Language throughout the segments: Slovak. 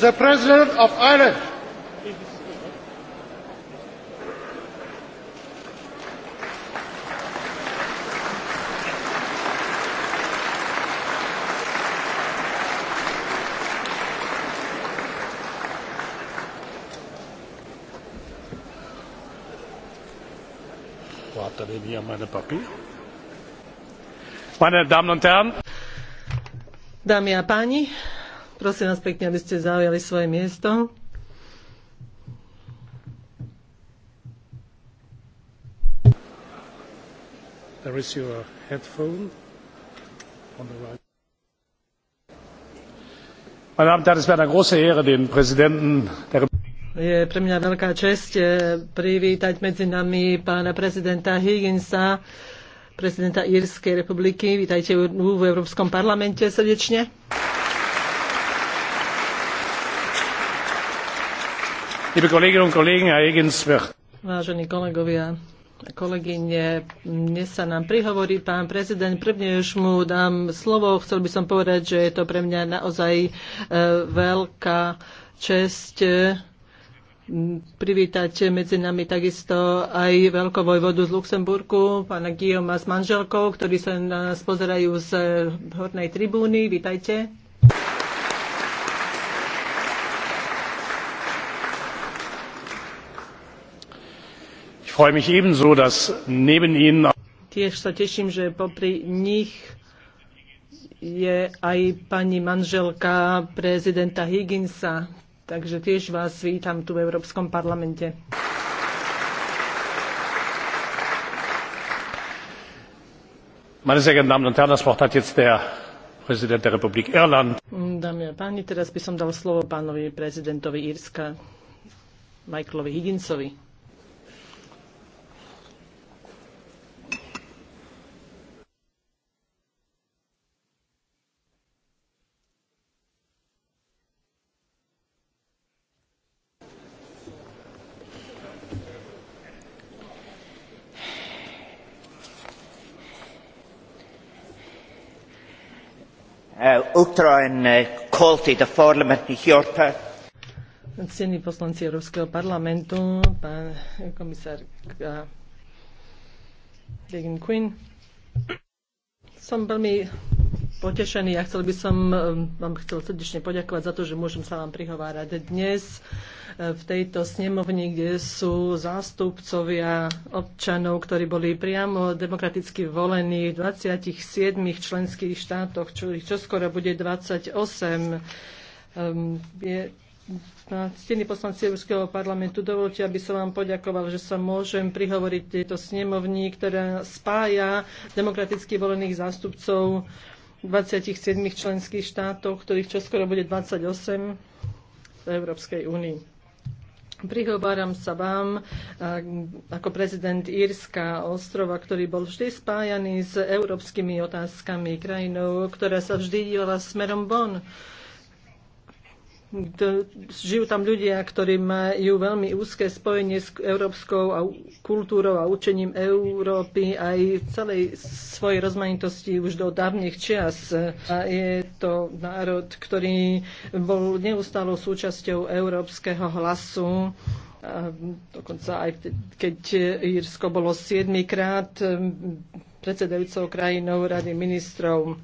the President of Ireland. Meine Damen und Herren, Dámy a páni, Prosím vás pekne, aby ste zaujali svoje miesto. There is your headphone on the right. Meine Damen und Herren, es wäre eine große Ehre, den Präsidenten der je pre mňa veľká čest eh, privítať medzi nami pána prezidenta Higginsa, prezidenta Írskej republiky. Vítajte v Európskom parlamente srdečne. Liebe Kolleginnen und Kollegen, Herr Higgins wird. Vážení kolegovia, kolegyne, dnes sa nám prihovorí pán prezident. Prvne už mu dám slovo. Chcel by som povedať, že je to pre mňa naozaj e, veľká česť e, privítať medzi nami takisto aj veľkovojvodu z Luxemburku, pána Guillaume s manželkou, ktorí sa nás pozerajú z hornej tribúny. Vítajte. freue mich ebenso, dass neben Ihnen Tiež sa teším, že popri nich je aj pani manželka prezidenta Higginsa. Takže tiež vás vítam tu v Európskom parlamente. Meine sehr geehrten Damen und Herren, das Wort hat jetzt der Präsident der Republik Irland. Dámy a páni, teraz by som dal slovo pánovi prezidentovi Írska, Michaelovi Higginsovi. uppdra en call uh, till na heorpa. Cení poslanci Európskeho parlamentu, pán komisár Degen Quinn, som veľmi potešený a ja chcel by som um, vám chcel srdečne poďakovať za to, že môžem sa vám prihovárať dnes v tejto snemovni, kde sú zástupcovia občanov, ktorí boli priamo demokraticky volení v 27 členských štátoch, čo ich skoro bude 28. Um, ehm, je, na steny poslanci Európskeho parlamentu. Dovolte, aby som vám poďakoval, že sa môžem prihovoriť tejto snemovni, ktorá spája demokraticky volených zástupcov 27 členských štátov, ktorých čoskoro bude 28 v Európskej únii. Prihováram sa vám eh, ako prezident Írska ostrova, ktorý bol vždy spájaný s európskymi otázkami krajinou, ktorá sa vždy dívala smerom von žijú tam ľudia, ktorí majú veľmi úzke spojenie s európskou a kultúrou a učením Európy aj v celej svojej rozmanitosti už do dávnych čias. A je to národ, ktorý bol neustálou súčasťou európskeho hlasu dokonca aj keď Írsko bolo siedmikrát predsedajúcou krajinou Rady ministrov.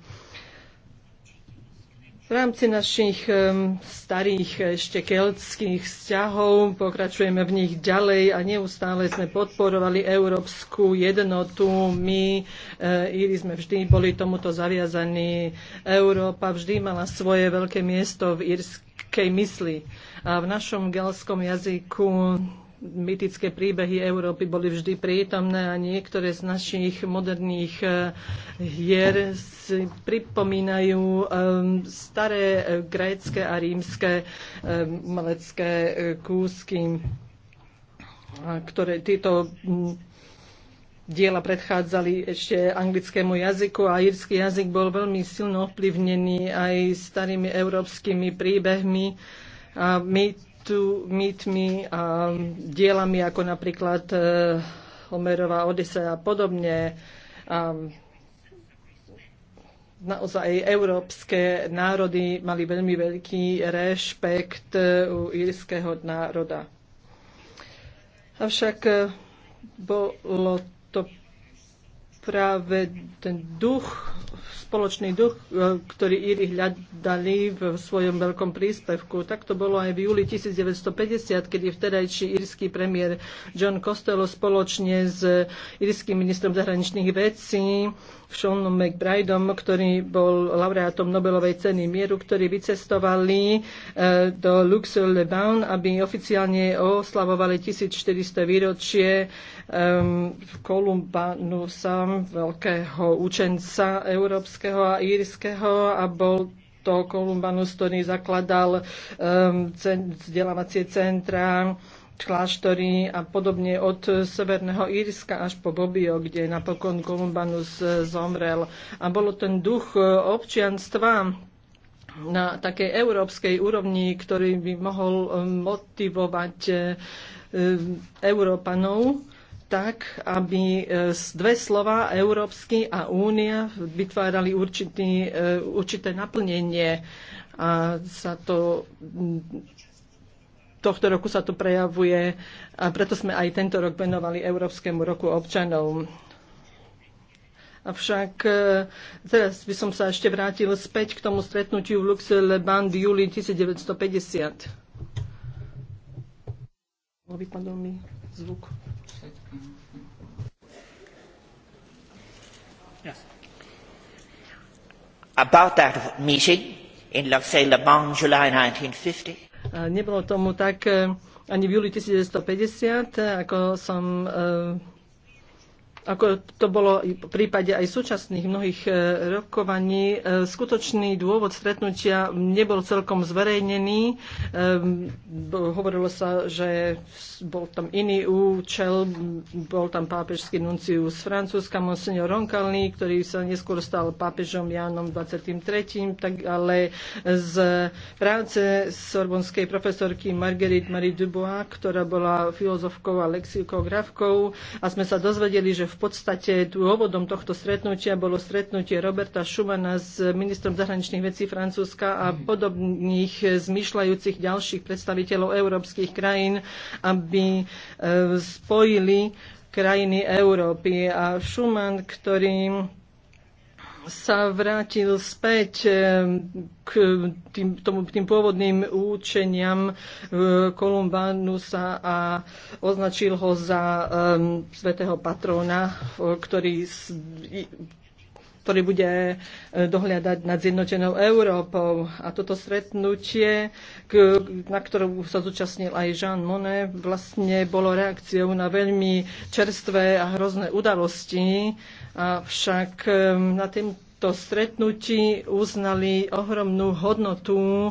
V rámci našich starých ešte keltských vzťahov pokračujeme v nich ďalej a neustále sme podporovali európsku jednotu. My, e, Íri, sme vždy boli tomuto zaviazaní. Európa vždy mala svoje veľké miesto v írskej mysli. A v našom gelskom jazyku mytické príbehy Európy boli vždy prítomné a niektoré z našich moderných eh, hier si pripomínajú ehm, staré eh, grécké a rímske ehm, malecké eh, kúsky, ktoré títo hm, diela predchádzali ešte anglickému jazyku a írsky jazyk bol veľmi silno ovplyvnený aj starými európskymi príbehmi. A my mýtmi a dielami ako napríklad e, Homerová Odisea a podobne. A naozaj európske národy mali veľmi veľký rešpekt e, u írskeho národa. Avšak e, bolo to práve ten duch, spoločný duch, e, ktorý Íri hľadali v svojom veľkom príspevku. Tak to bolo aj v júli 1950, kedy vtedajší írsky premiér John Costello spoločne s írským ministrom zahraničných vecí Seanom McBrideom, ktorý bol laureátom Nobelovej ceny mieru, ktorí vycestovali e, do Luxor-le-Bain, aby oficiálne oslavovali 1400 výročie v Kolumbanusa, veľkého učenca európskeho a írskeho a bol to Kolumbanus, ktorý zakladal um, cen, vzdelávacie centra, kláštory a podobne od Severného Írska až po Bobio, kde napokon Kolumbanus zomrel. A bolo ten duch občianstva na takej európskej úrovni, ktorý by mohol um, motivovať um, Európanov tak, aby um, dve slova Európsky a Únia vytvárali určitý, určité naplnenie a sa to tohto roku sa to prejavuje a preto sme aj tento rok venovali Európskemu roku občanov. Avšak e, teraz by som sa ešte vrátil späť k tomu stretnutiu v Luxe Band v júli 1950. Vypadol mi zvuk. About that meeting in Luxe Le Bon, July 1950, Nebolo tomu tak eh, ani v júli 1950, ako som eh, ako to bolo v prípade aj súčasných mnohých e, rokovaní, e, skutočný dôvod stretnutia nebol celkom zverejnený. Ehm, hovorilo sa, že bol tam iný účel, bol tam pápežský nuncius Francúzska, monsignor Roncalny, ktorý sa neskôr stal pápežom Jánom 23., tak ale z práce sorbonskej profesorky Marguerite Marie Dubois, ktorá bola filozofkou a lexikografkou a sme sa dozvedeli, že v podstate dôvodom tohto stretnutia bolo stretnutie Roberta Schumana s ministrom zahraničných vecí Francúzska a mhm. podobných zmyšľajúcich ďalších predstaviteľov európskych krajín, aby e, spojili krajiny Európy. A Schuman, ktorý sa vrátil späť eh, k tým, tomu, tým pôvodným účeniam eh, Kolumbánusa a označil ho za um, svetého patróna, ktorý ktorý bude e, dohľadať nad zjednotenou Európou. A toto stretnutie, na ktorú sa zúčastnil aj Jean Monnet, vlastne bolo reakciou na veľmi čerstvé a hrozné udalosti. Avšak e, na tým, to stretnutí uznali ohromnú hodnotu, e,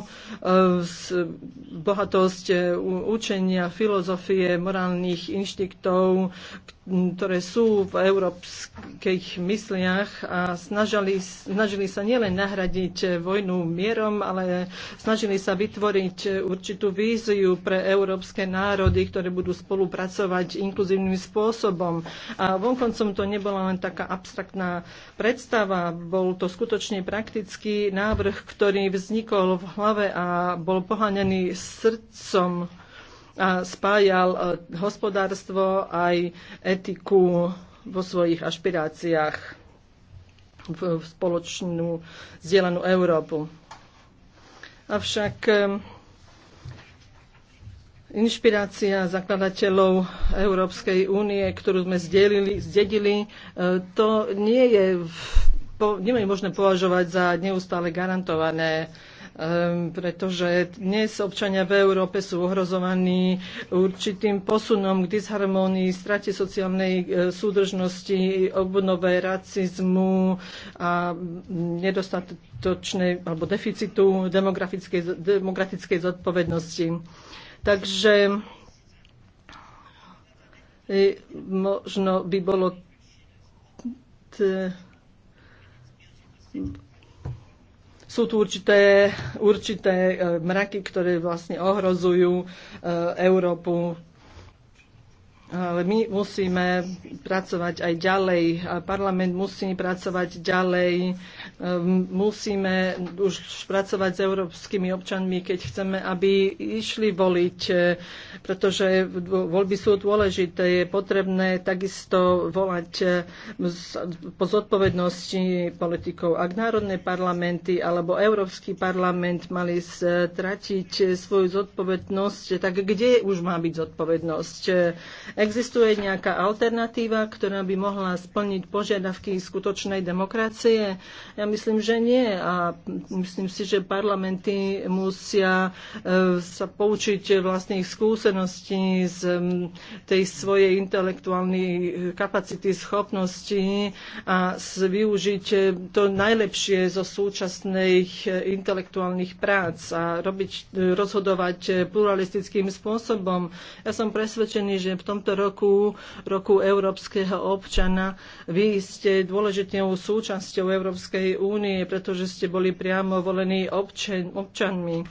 bohatosť e, učenia, filozofie, morálnych inštiktov, ktoré sú v európskych mysliach a snažili, snažili sa nielen nahradiť vojnu mierom, ale snažili sa vytvoriť určitú víziu pre európske národy, ktoré budú spolupracovať inkluzívnym spôsobom. A vonkoncom to nebola len taká abstraktná predstava, bol to skutočne praktický návrh, ktorý vznikol v hlave a bol poháňaný srdcom a spájal e, hospodárstvo aj etiku vo svojich ašpiráciách v spoločnú zdieľanú Európu. Avšak e, inšpirácia zakladateľov Európskej únie, ktorú sme zdedili, e, to nie je v po, nie je možné považovať za neustále garantované um, pretože dnes občania v Európe sú ohrozovaní určitým posunom k disharmónii, strate sociálnej e, súdržnosti, obnove racizmu a nedostatočnej alebo deficitu demografickej, demokratickej zodpovednosti. Takže e, možno by bolo t- sú tu určité, určité e, mraky, ktoré vlastne ohrozujú e, Európu ale my musíme pracovať aj ďalej, parlament musí pracovať ďalej, ehm, musíme už pracovať s európskymi občanmi, keď chceme, aby išli voliť, e, pretože voľby sú dôležité. Je potrebné takisto volať e, po zodpovednosti politikov. Ak národné parlamenty alebo Európsky parlament mali stratiť svoju zodpovednosť, tak kde už má byť zodpovednosť? Existuje nejaká alternatíva, ktorá by mohla splniť požiadavky skutočnej demokracie? Ja myslím, že nie. A myslím si, že parlamenty musia e, sa poučiť vlastných skúseností z tej svojej intelektuálnej e, kapacity, schopnosti a využiť e, to najlepšie zo súčasných intelektuálnych prác a robiť, rozhodovať pluralistickým spôsobom. Ja som presvedčený, že v tom tomto roku, roku európskeho občana. Vy ste dôležitou súčasťou Európskej únie, pretože ste boli priamo volení občan, občanmi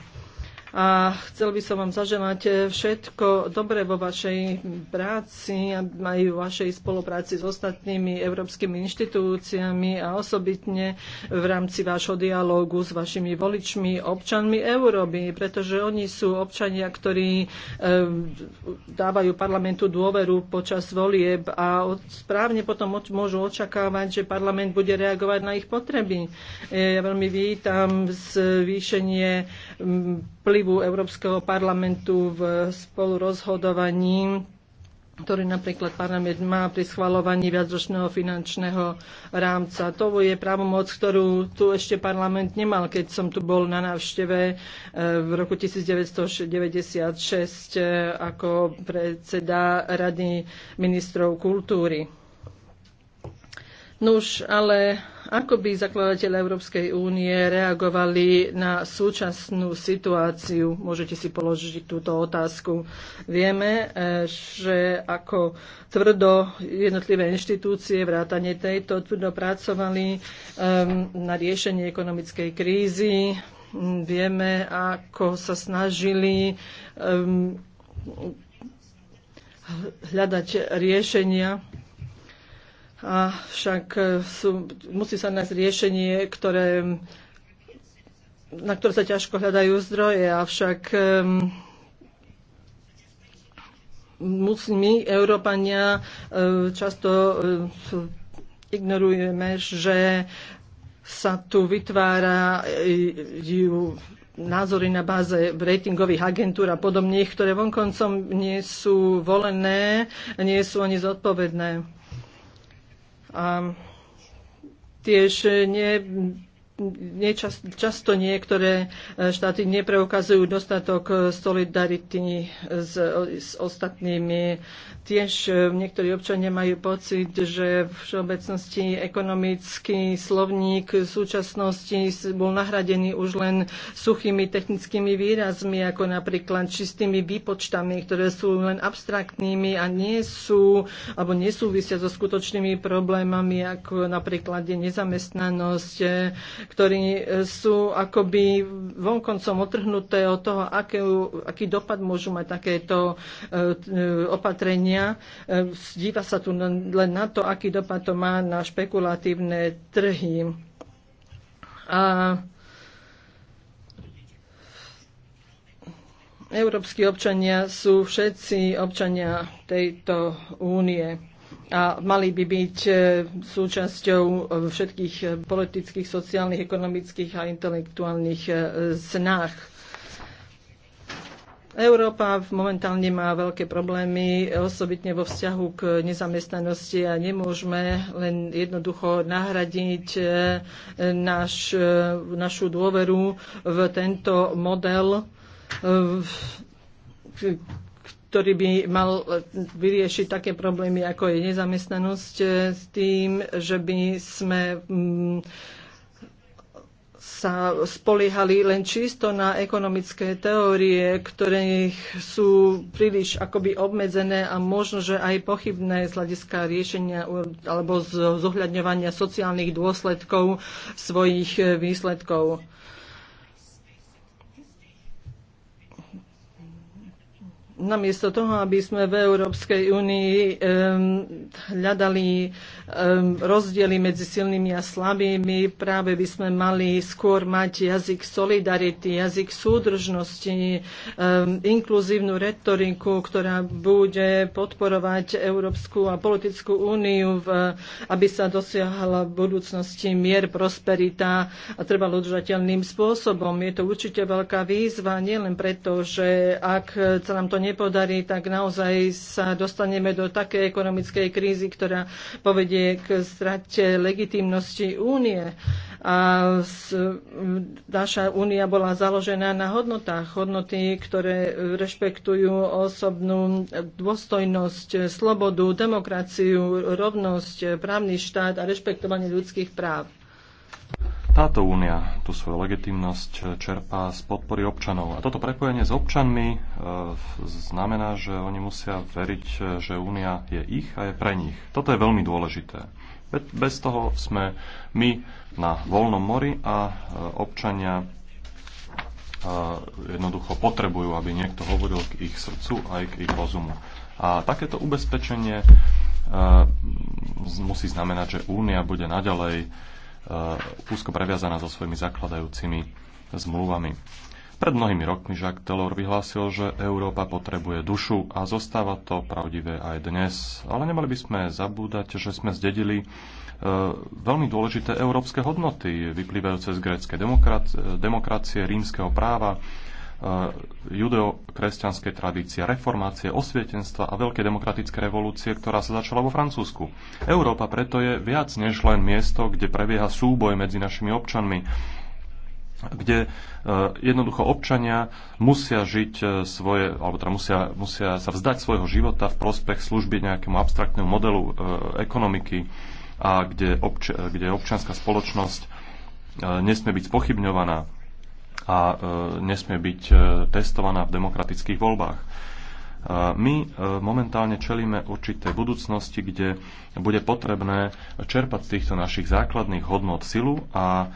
a chcel by som vám zaželať eh, všetko dobré vo vašej práci a aj v vašej spolupráci s ostatnými európskymi inštitúciami a osobitne v rámci vášho dialógu s vašimi voličmi, občanmi Európy, pretože oni sú občania, ktorí eh, dávajú parlamentu dôveru počas volieb a správne potom môžu očakávať, že parlament bude reagovať na ich potreby. Eh, ja veľmi vítam zvýšenie vplyvu Európskeho parlamentu v spolurozhodovaní ktorý napríklad parlament má pri schvalovaní viacročného finančného rámca. To je právomoc, ktorú tu ešte parlament nemal, keď som tu bol na návšteve eh, v roku 1996 eh, ako predseda Rady ministrov kultúry. Nuž, ale ako by zakladateľ Európskej únie reagovali na súčasnú situáciu? Môžete si položiť túto otázku. Vieme, eh, že ako tvrdo jednotlivé inštitúcie vrátane tejto tvrdo pracovali ehm, na riešenie ekonomickej krízy. Vieme, ako sa snažili ehm, hľadať riešenia a však e, sú, musí sa nájsť riešenie, ktoré, na ktoré sa ťažko hľadajú zdroje, avšak um, my, Európania, e, často e, ignorujeme, že sa tu vytvára názory na báze ratingových agentúr a podobných, ktoré vonkoncom nie sú volené, nie sú ani zodpovedné. A tiež ne, Niečas, často niektoré e, štáty nepreukazujú dostatok e, solidarity e, s, s ostatnými. Tiež niektorí občania majú pocit, že v všeobecnosti ekonomický slovník v súčasnosti bol nahradený už len suchými technickými výrazmi, ako napríklad čistými výpočtami, ktoré sú len abstraktnými a nie sú, alebo nesúvisia so skutočnými problémami, ako napríklad je nezamestnanosť, ktorí e, sú akoby vonkoncom otrhnuté od toho, aké, aký dopad môžu mať takéto e, e, opatrenia. Díva sa tu len na to, aký dopad to má na špekulatívne trhy. A európsky občania sú všetci občania tejto únie a mali by byť e, súčasťou e, všetkých e, politických, sociálnych, ekonomických a intelektuálnych snách. Európa momentálne má veľké problémy, osobitne vo vzťahu k nezamestnanosti a nemôžeme len jednoducho nahradiť naš, našu dôveru v tento model, ktorý by mal e, vyriešiť také problémy, ako je nezamestnanosť, e, s tým, že by sme mm, sa spoliehali len čisto na ekonomické teórie, ktoré sú príliš akoby obmedzené a možno, že aj pochybné z hľadiska riešenia alebo zohľadňovania sociálnych dôsledkov svojich e, výsledkov. namiesto toho, aby sme v Európskej únii hľadali rozdiely medzi silnými a slabými. Práve by sme mali skôr mať jazyk solidarity, jazyk súdržnosti, inkluzívnu retoriku, ktorá bude podporovať Európsku a politickú úniu, v, aby sa dosiahla v budúcnosti mier, prosperita a treba udržateľným spôsobom. Je to určite veľká výzva, nielen preto, že ak sa nám to nepodarí, tak naozaj sa dostaneme do takej ekonomickej krízy, ktorá povedie vedie k strate legitimnosti únie. A naša únia bola založená na hodnotách, hodnoty, ktoré rešpektujú osobnú dôstojnosť, slobodu, demokraciu, rovnosť, právny štát a rešpektovanie ľudských práv. Táto únia tú svoju legitimnosť čerpá z podpory občanov. A toto prepojenie s občanmi e, znamená, že oni musia veriť, že únia je ich a je pre nich. Toto je veľmi dôležité. Be bez toho sme my na voľnom mori a e, občania e, jednoducho potrebujú, aby niekto hovoril k ich srdcu aj k ich rozumu. A takéto ubezpečenie e, musí znamenať, že únia bude naďalej E, úzko previazaná so svojimi zakladajúcimi zmluvami. Pred mnohými rokmi Jacques Delors vyhlásil, že Európa potrebuje dušu a zostáva to pravdivé aj dnes. Ale nemali by sme zabúdať, že sme zdedili e, veľmi dôležité európske hodnoty, vyplývajúce z gréckej demokracie, rímskeho práva, Eh, judeokresťanskej tradície, reformácie, osvietenstva a veľkej demokratické revolúcie, ktorá sa začala vo Francúzsku. Európa preto je viac než len miesto, kde prebieha súboj medzi našimi občanmi, kde eh, jednoducho občania musia žiť eh, svoje, alebo teda musia, musia sa vzdať svojho života v prospech služby nejakému abstraktnému modelu ekonomiky a kde, obč- kde občianská spoločnosť nesmie byť spochybňovaná a e, nesmie byť e, testovaná v demokratických voľbách. E, my momentálne čelíme určitej budúcnosti, kde bude potrebné čerpať z týchto našich základných hodnot silu a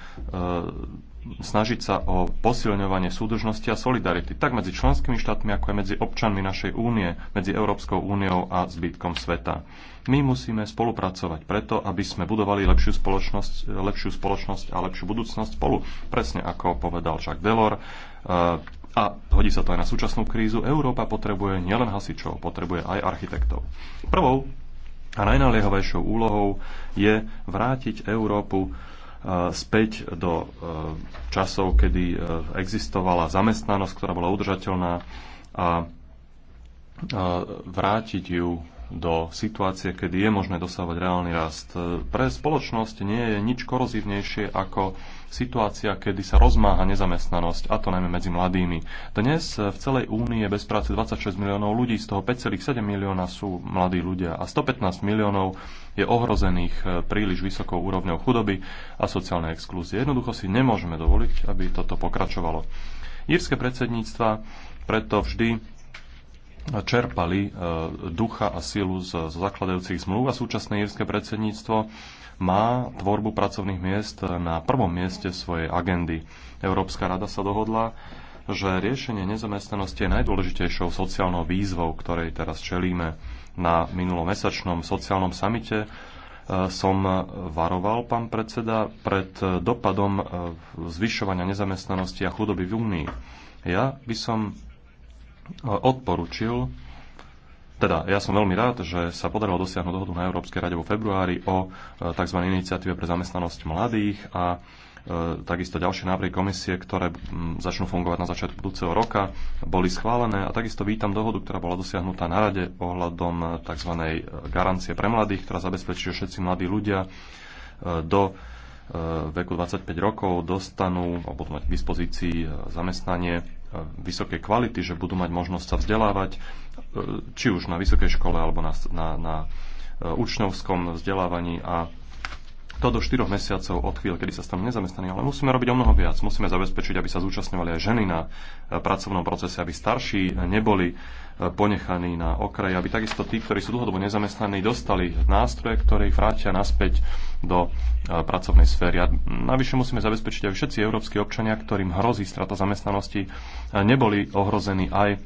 snažiť sa o posilňovanie súdržnosti a solidarity, tak medzi členskými štátmi, ako aj medzi občanmi našej únie, medzi Európskou úniou a zbytkom sveta. My musíme spolupracovať preto, aby sme budovali lepšiu spoločnosť, lepšiu spoločnosť a lepšiu budúcnosť spolu. Presne ako povedal Jacques Delors, eh, a hodí sa to aj na súčasnú krízu, Európa potrebuje nielen hasičov, potrebuje aj architektov. Prvou a najnaliehavejšou úlohou je vrátiť Európu Eh, späť do eh, časov, kedy eh, existovala zamestnanosť, ktorá bola udržateľná a vrátiť ju do situácie, kedy je možné dosávať reálny rast. E, pre spoločnosť nie je nič korozívnejšie ako situácia, kedy sa rozmáha nezamestnanosť, a to najmä medzi mladými. Dnes e, v celej únii je bez práce 26 miliónov ľudí, z toho 5,7 milióna sú mladí ľudia a 115 miliónov je ohrozených e, príliš vysokou úrovňou chudoby a sociálnej exklúzie. Jednoducho si nemôžeme dovoliť, aby toto pokračovalo. Írske predsedníctva preto vždy čerpali e, ducha a silu z, z zakladajúcich zmluv a súčasné írske predsedníctvo má tvorbu pracovných miest na prvom mieste svojej agendy. Európska rada sa dohodla, že riešenie nezamestnanosti je najdôležitejšou sociálnou výzvou, ktorej teraz čelíme. Na minulomesačnom sociálnom samite e, som varoval, pán predseda, pred dopadom e, zvyšovania nezamestnanosti a chudoby v Únii. Ja by som odporučil, teda ja som veľmi rád, že sa podarilo dosiahnuť dohodu na Európskej rade vo februári o e, tzv. iniciatíve pre zamestnanosť mladých a e, takisto ďalšie návrhy komisie, ktoré začnú fungovať na začiatku budúceho roka, boli schválené a takisto vítam dohodu, ktorá bola dosiahnutá na rade ohľadom e, tzv. garancie pre mladých, ktorá zabezpečí, že všetci mladí ľudia do veku 25 rokov dostanú alebo budú mať k dispozícii zamestnanie vysokej kvality, že budú mať možnosť sa vzdelávať, e, či už na vysokej škole alebo na, na, na e, učňovskom vzdelávaní a to do 4 mesiacov od chvíle, kedy sa stanú nezamestnaní, ale musíme robiť o mnoho viac. Musíme zabezpečiť, aby sa zúčastňovali aj ženy na e, pracovnom procese, aby starší neboli e, ponechaní na okraji, aby takisto tí, ktorí sú dlhodobo nezamestnaní, dostali nástroje, ktoré ich vrátia naspäť do e, pracovnej sféry. A navyše musíme zabezpečiť, aby všetci európsky občania, ktorým hrozí strata zamestnanosti, neboli ohrození aj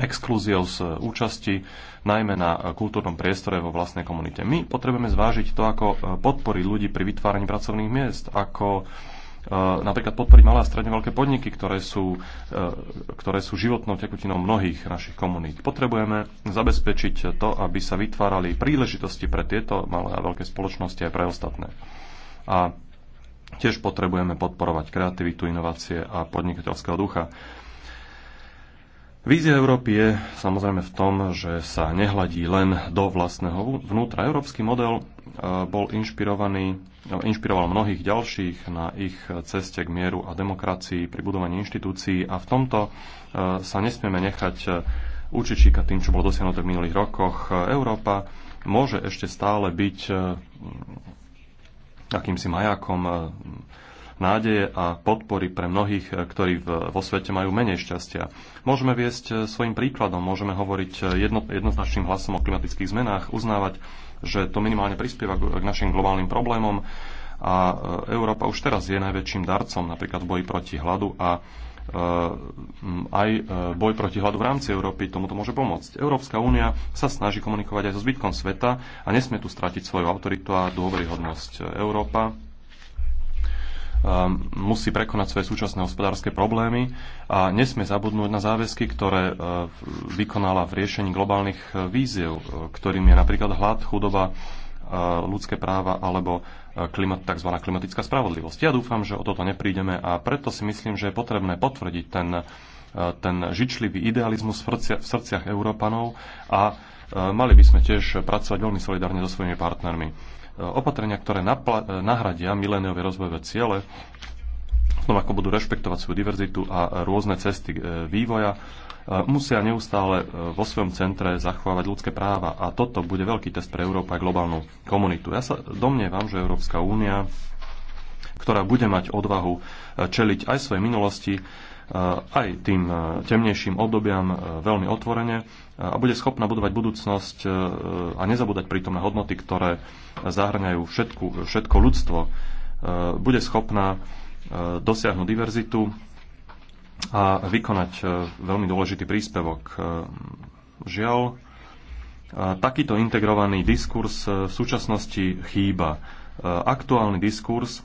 exklúziou z účasti, najmä na kultúrnom priestore vo vlastnej komunite. My potrebujeme zvážiť to, ako e, podporiť ľudí pri vytváraní pracovných miest, ako e, napríklad podporiť malé a stredne veľké podniky, ktoré sú, e, ktoré sú životnou tekutinou mnohých našich komunít. Potrebujeme zabezpečiť to, aby sa vytvárali príležitosti pre tieto malé a veľké spoločnosti aj pre ostatné. A tiež potrebujeme podporovať kreativitu, inovácie a podnikateľského ducha. Vízia Európy je samozrejme v tom, že sa nehladí len do vlastného vnútra. Európsky model e, bol inšpirovaný, e, inšpiroval mnohých ďalších na ich ceste k mieru a demokracii pri budovaní inštitúcií a v tomto e, sa nesmieme nechať učičíka tým, čo bolo dosiahnuté v minulých rokoch. Európa môže ešte stále byť akýmsi majakom nádeje a podpory pre mnohých, eh, ktorí vo svete majú menej šťastia. Môžeme viesť eh, svojim príkladom, môžeme hovoriť eh, jedno, jednoznačným hlasom o klimatických zmenách, uznávať, že to minimálne prispieva k našim globálnym problémom a Európa už teraz je najväčším darcom napríklad v boji proti hladu a aj boj proti hladu v rámci Európy tomuto môže pomôcť. Európska únia sa snaží komunikovať aj so zbytkom sveta a nesmie tu stratiť svoju autoritu a dôveryhodnosť. Európa Ehm, musí prekonať svoje súčasné hospodárske problémy a nesmie zabudnúť na záväzky, ktoré eh, vykonala v riešení globálnych eh, víziev, eh, ktorým je napríklad hlad, chudoba, ľudské práva alebo klimat, tzv. klimatická spravodlivosť. Ja dúfam, že o toto neprídeme a preto si myslím, že je potrebné potvrdiť ten, ten žičlivý idealizmus v, v srdciach Európanov a mali by sme tiež pracovať veľmi solidárne so svojimi partnermi opatrenia, ktoré e, nahradia miléniové rozvojové ciele, v no, tom, ako budú rešpektovať svoju diverzitu a rôzne cesty e, vývoja, e, musia neustále vo svojom centre zachovávať ľudské práva. A toto bude veľký test pre Európu a globálnu komunitu. Ja sa domnievam, že Európska únia, ktorá bude mať odvahu čeliť aj svojej minulosti, aj tým temnejším obdobiam veľmi otvorene, a bude schopná budovať budúcnosť e, a nezabúdať pritom na hodnoty, ktoré zahrňajú všetku, všetko ľudstvo. E, bude schopná e, dosiahnuť diverzitu a vykonať veľmi dôležitý príspevok. Žiaľ, takýto integrovaný diskurs v súčasnosti chýba. Aktuálny diskurs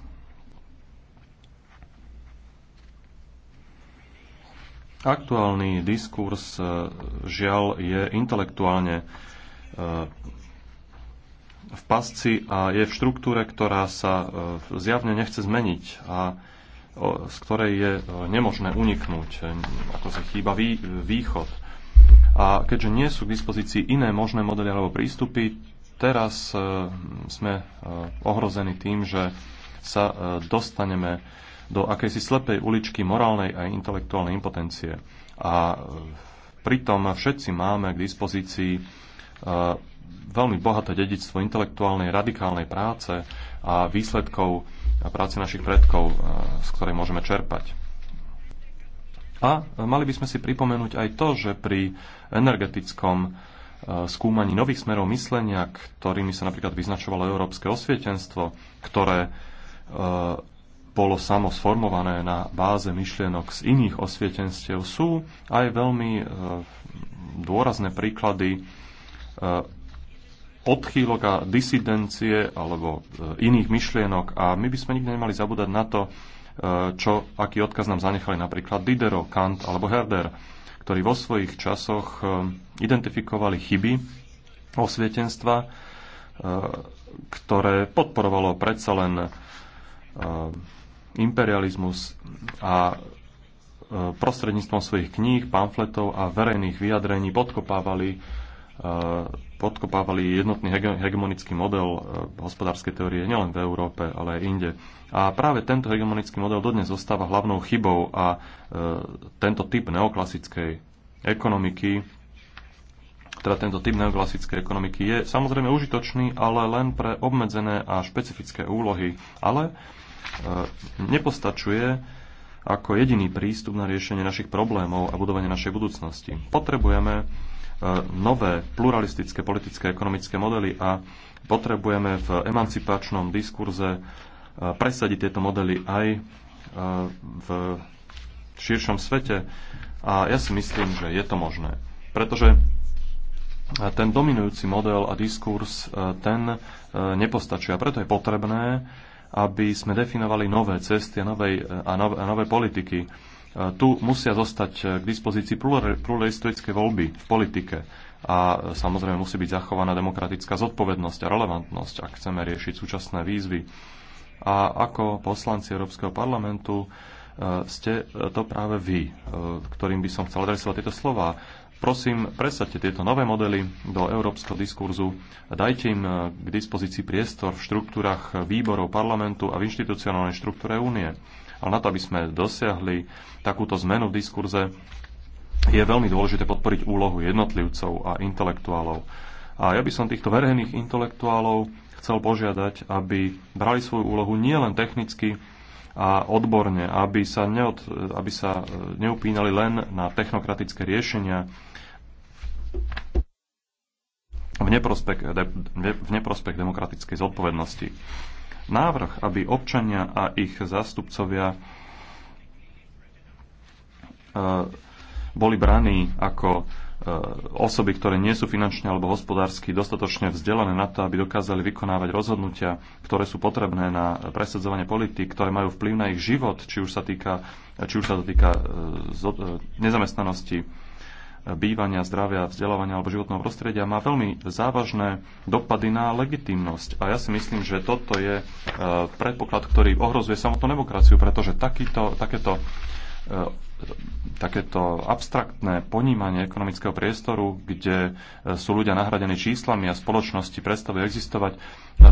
Aktuálny diskurs e, žiaľ je intelektuálne e, v pasci a je v štruktúre, ktorá sa e, zjavne nechce zmeniť a z ktorej je nemožné uniknúť, ako sa chýba východ. A keďže nie sú k dispozícii iné možné modely alebo prístupy, teraz sme ohrození tým, že sa dostaneme do akejsi slepej uličky morálnej a intelektuálnej impotencie. A e, pritom všetci máme k dispozícii e, veľmi bohaté dedičstvo intelektuálnej, radikálnej práce a výsledkov práce našich predkov, e, z ktorej môžeme čerpať. A mali by sme si pripomenúť aj to, že pri energetickom skúmaní nových smerov myslenia, ktorými sa napríklad vyznačovalo európske osvietenstvo, ktoré bolo samo sformované na báze myšlienok z iných osvietenstiev, sú aj veľmi e, dôrazné príklady e, odchýlok a disidencie alebo e, iných myšlienok a my by sme nikdy nemali zabúdať na to, čo, aký odkaz nám zanechali napríklad Diderot, Kant alebo Herder, ktorí vo svojich časoch identifikovali chyby osvietenstva, ktoré podporovalo predsa len imperializmus a e, prostredníctvom svojich kníh, pamfletov a verejných vyjadrení podkopávali, e, podkopávali jednotný hegemonický model e, hospodárskej teórie nielen v Európe, ale aj inde. A práve tento hegemonický model dodnes zostáva hlavnou chybou a tento typ neoklasickej ekonomiky, teda tento typ neoklasickej ekonomiky je samozrejme užitočný, ale len pre obmedzené a špecifické úlohy. Ale E, nepostačuje ako jediný prístup na riešenie našich problémov a budovanie našej budúcnosti. Potrebujeme e, nové pluralistické politické a ekonomické modely a potrebujeme v emancipačnom diskurze e, presadiť tieto modely aj v širšom svete. A ja si myslím, že je to možné. Pretože ten dominujúci model a diskurs, ten nepostačuje. A preto je potrebné aby sme definovali nové cesty a, nové, a, nové, a nové politiky. E, tu musia zostať e, k dispozícii pluralistické voľby v politike a e, samozrejme musí byť zachovaná demokratická zodpovednosť a relevantnosť, ak chceme riešiť súčasné výzvy. A ako poslanci Európskeho parlamentu ste to práve vy, ktorým by som chcel adresovať tieto slova. Prosím, presadte tieto nové modely do európskeho diskurzu, dajte im eh, k dispozícii priestor v štruktúrach výborov parlamentu a v inštitucionálnej štruktúre únie. Ale na to, aby sme dosiahli takúto zmenu v diskurze, je veľmi dôležité podporiť úlohu jednotlivcov a intelektuálov. A ja by som týchto verejných intelektuálov chcel požiadať, aby brali svoju úlohu nielen technicky, a odborne, aby sa, neod, aby sa eh, neupínali len na technokratické riešenia, v neprospech, v neprospech demokratickej zodpovednosti. Návrh, aby občania a ich zástupcovia e, boli braní ako e, osoby, ktoré nie sú finančne alebo hospodársky dostatočne vzdelané na to, aby dokázali vykonávať rozhodnutia, ktoré sú potrebné na presadzovanie politik, ktoré majú vplyv na ich život, či už sa, týka, či už sa to týka e, nezamestnanosti, bývania, zdravia, vzdelávania alebo životného prostredia má veľmi závažné dopady na legitimnosť. A ja si myslím, že toto je e, predpoklad, ktorý ohrozuje samotnú demokraciu, pretože takýto, takéto e, takéto abstraktné ponímanie ekonomického priestoru, kde e, sú ľudia nahradení číslami a spoločnosti prestavujú existovať,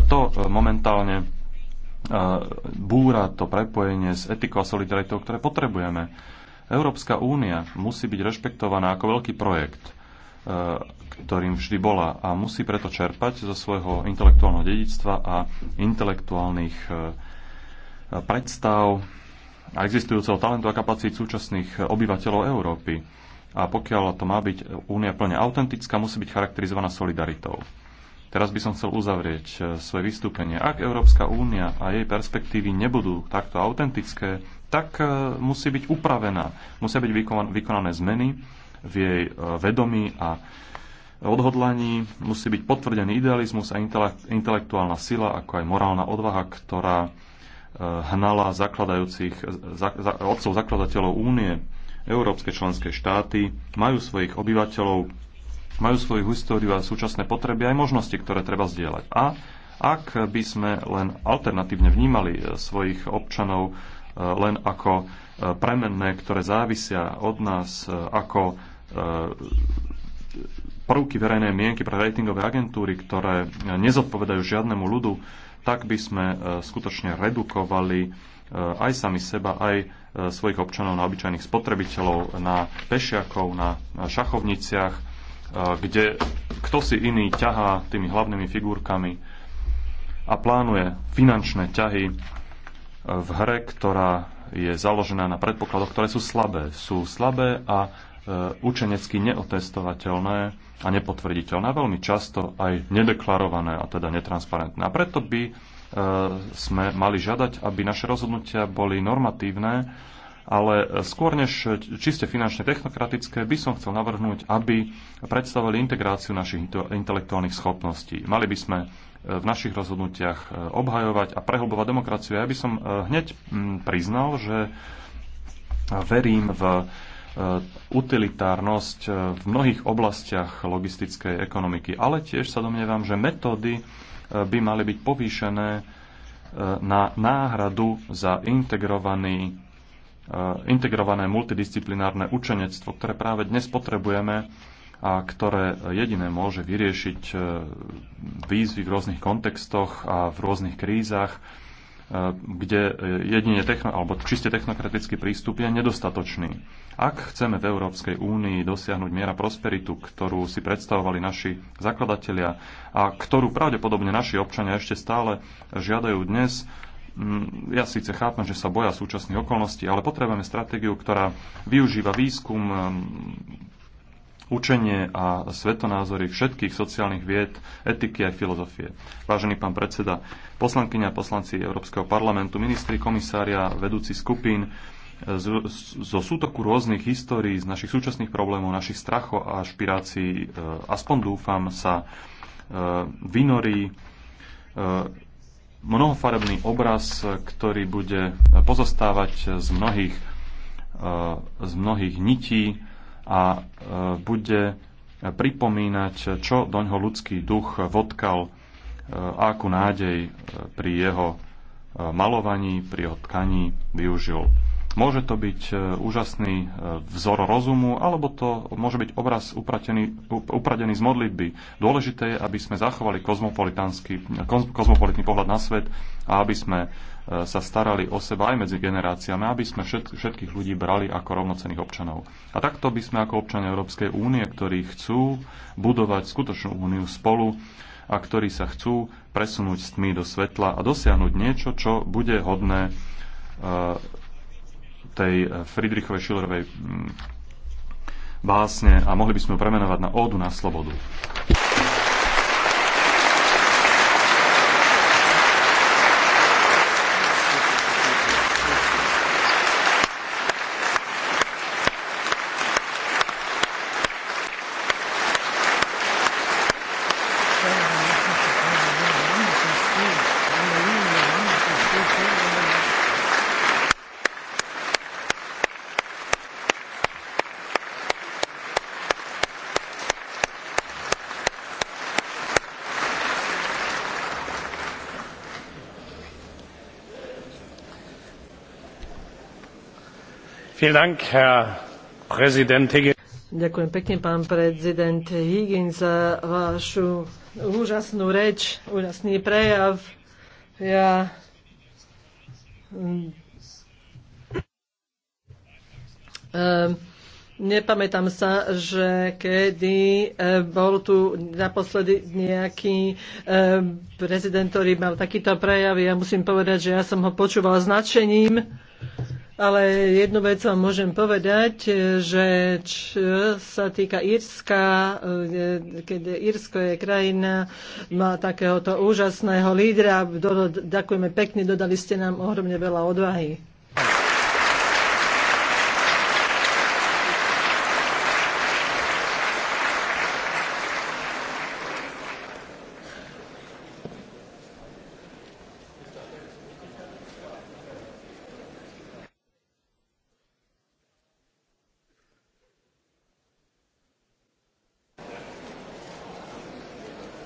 to momentálne búra to prepojenie s etikou a solidaritou, ktoré potrebujeme. Európska únia musí byť rešpektovaná ako veľký projekt, e, ktorým vždy bola a musí preto čerpať zo svojho intelektuálneho dedičstva a intelektuálnych e, predstav a existujúceho talentu a kapacít súčasných obyvateľov Európy. A pokiaľ to má byť únia plne autentická, musí byť charakterizovaná solidaritou. Teraz by som chcel uzavrieť e, svoje vystúpenie. Ak Európska únia a jej perspektívy nebudú takto autentické, tak e, musí byť upravená. Musia byť vykonané zmeny v jej e, vedomí a odhodlaní, musí byť potvrdený idealizmus a intelektuálna sila, ako aj morálna odvaha, ktorá hnala zakladajúcich, otcov zakladateľov únie. Európske členské štáty majú svojich obyvateľov majú svoju históriu a súčasné potreby aj možnosti, ktoré treba zdieľať. A ak by sme len alternatívne vnímali e, svojich občanov e, len ako e, premenné, ktoré závisia od nás, ako prvky verejnej mienky pre ratingové agentúry, ktoré nezodpovedajú žiadnemu ľudu, tak by sme skutočne redukovali aj sami seba, aj svojich občanov na obyčajných spotrebiteľov, na pešiakov, na šachovniciach, kde kto si iný ťahá tými hlavnými figurkami a plánuje finančné ťahy e, v hre, ktorá je založená na predpokladoch, ktoré sú slabé. Sú slabé a e, učenecky neotestovateľné a nepotvrditeľné, a veľmi často aj nedeklarované a teda netransparentné. A preto by e, sme mali žiadať, aby naše rozhodnutia boli normatívne ale skôr než čiste finančne technokratické by som chcel navrhnúť, aby predstavili integráciu našich intelektuálnych schopností. Mali by sme eh, v našich rozhodnutiach eh, obhajovať a prehlbovať demokraciu. Ja by som eh, hneď mm, priznal, že verím v utilitárnosť v mnohých oblastiach logistickej ekonomiky, ale tiež sa domnievam, že metódy by mali byť povýšené na náhradu za integrovaný E, integrované multidisciplinárne učenectvo, ktoré práve dnes potrebujeme a ktoré jediné môže vyriešiť e, výzvy v rôznych kontextoch a v rôznych krízach, e, kde jedine techno, alebo čiste technokratický prístup je nedostatočný. Ak chceme v Európskej únii dosiahnuť miera prosperitu, ktorú si predstavovali naši zakladatelia a ktorú pravdepodobne naši občania ešte stále žiadajú dnes, Mm, ja síce chápem, že sa boja súčasných okolností, ale potrebujeme stratégiu, ktorá využíva výskum, mm, učenie a svetonázory všetkých sociálnych vied, etiky a filozofie. Vážený pán predseda, poslankyňa poslanci Európskeho parlamentu, ministri, komisária, vedúci skupín, zo sútoku rôznych histórií, z našich súčasných problémov, našich strachov a špirácií, e, aspoň dúfam, sa e, vynorí e, mnohofarebný obraz, ktorý bude pozostávať z mnohých, eh, z mnohých nití a eh, bude pripomínať, čo doňho ľudský duch vodkal eh, a akú nádej pri jeho malovaní, pri jeho tkaní využil. Môže to byť e, úžasný e, vzor rozumu, alebo to môže byť obraz upratený, upradený z modlitby. Dôležité je, aby sme zachovali kozmopolitný pohľad na svet a aby sme e, sa starali o seba aj medzi generáciami, aby sme všetkých ľudí brali ako rovnocených občanov. A takto by sme ako občania Európskej únie, ktorí chcú budovať skutočnú úniu spolu, a ktorí sa chcú presunúť s tmy do svetla a dosiahnuť niečo, čo bude hodné tej Friedrichovej Schillerovej mm, básne a mohli by sme ju premenovať na ódu na slobodu. Ďakujem pekne, pán prezident Higgins, za vašu úžasnú reč, úžasný prejav. Ja Um, Nepamätám sa, že kedy e, bol tu naposledy nejaký e, prezident, ktorý mal takýto prejav. Ja musím povedať, že ja som ho počúval značením ale jednu vec vám môžem povedať, že čo sa týka Írska, e, keď Írsko je krajina, má takéhoto úžasného lídra. Ďakujeme pekne, dodali ste nám ohromne veľa odvahy.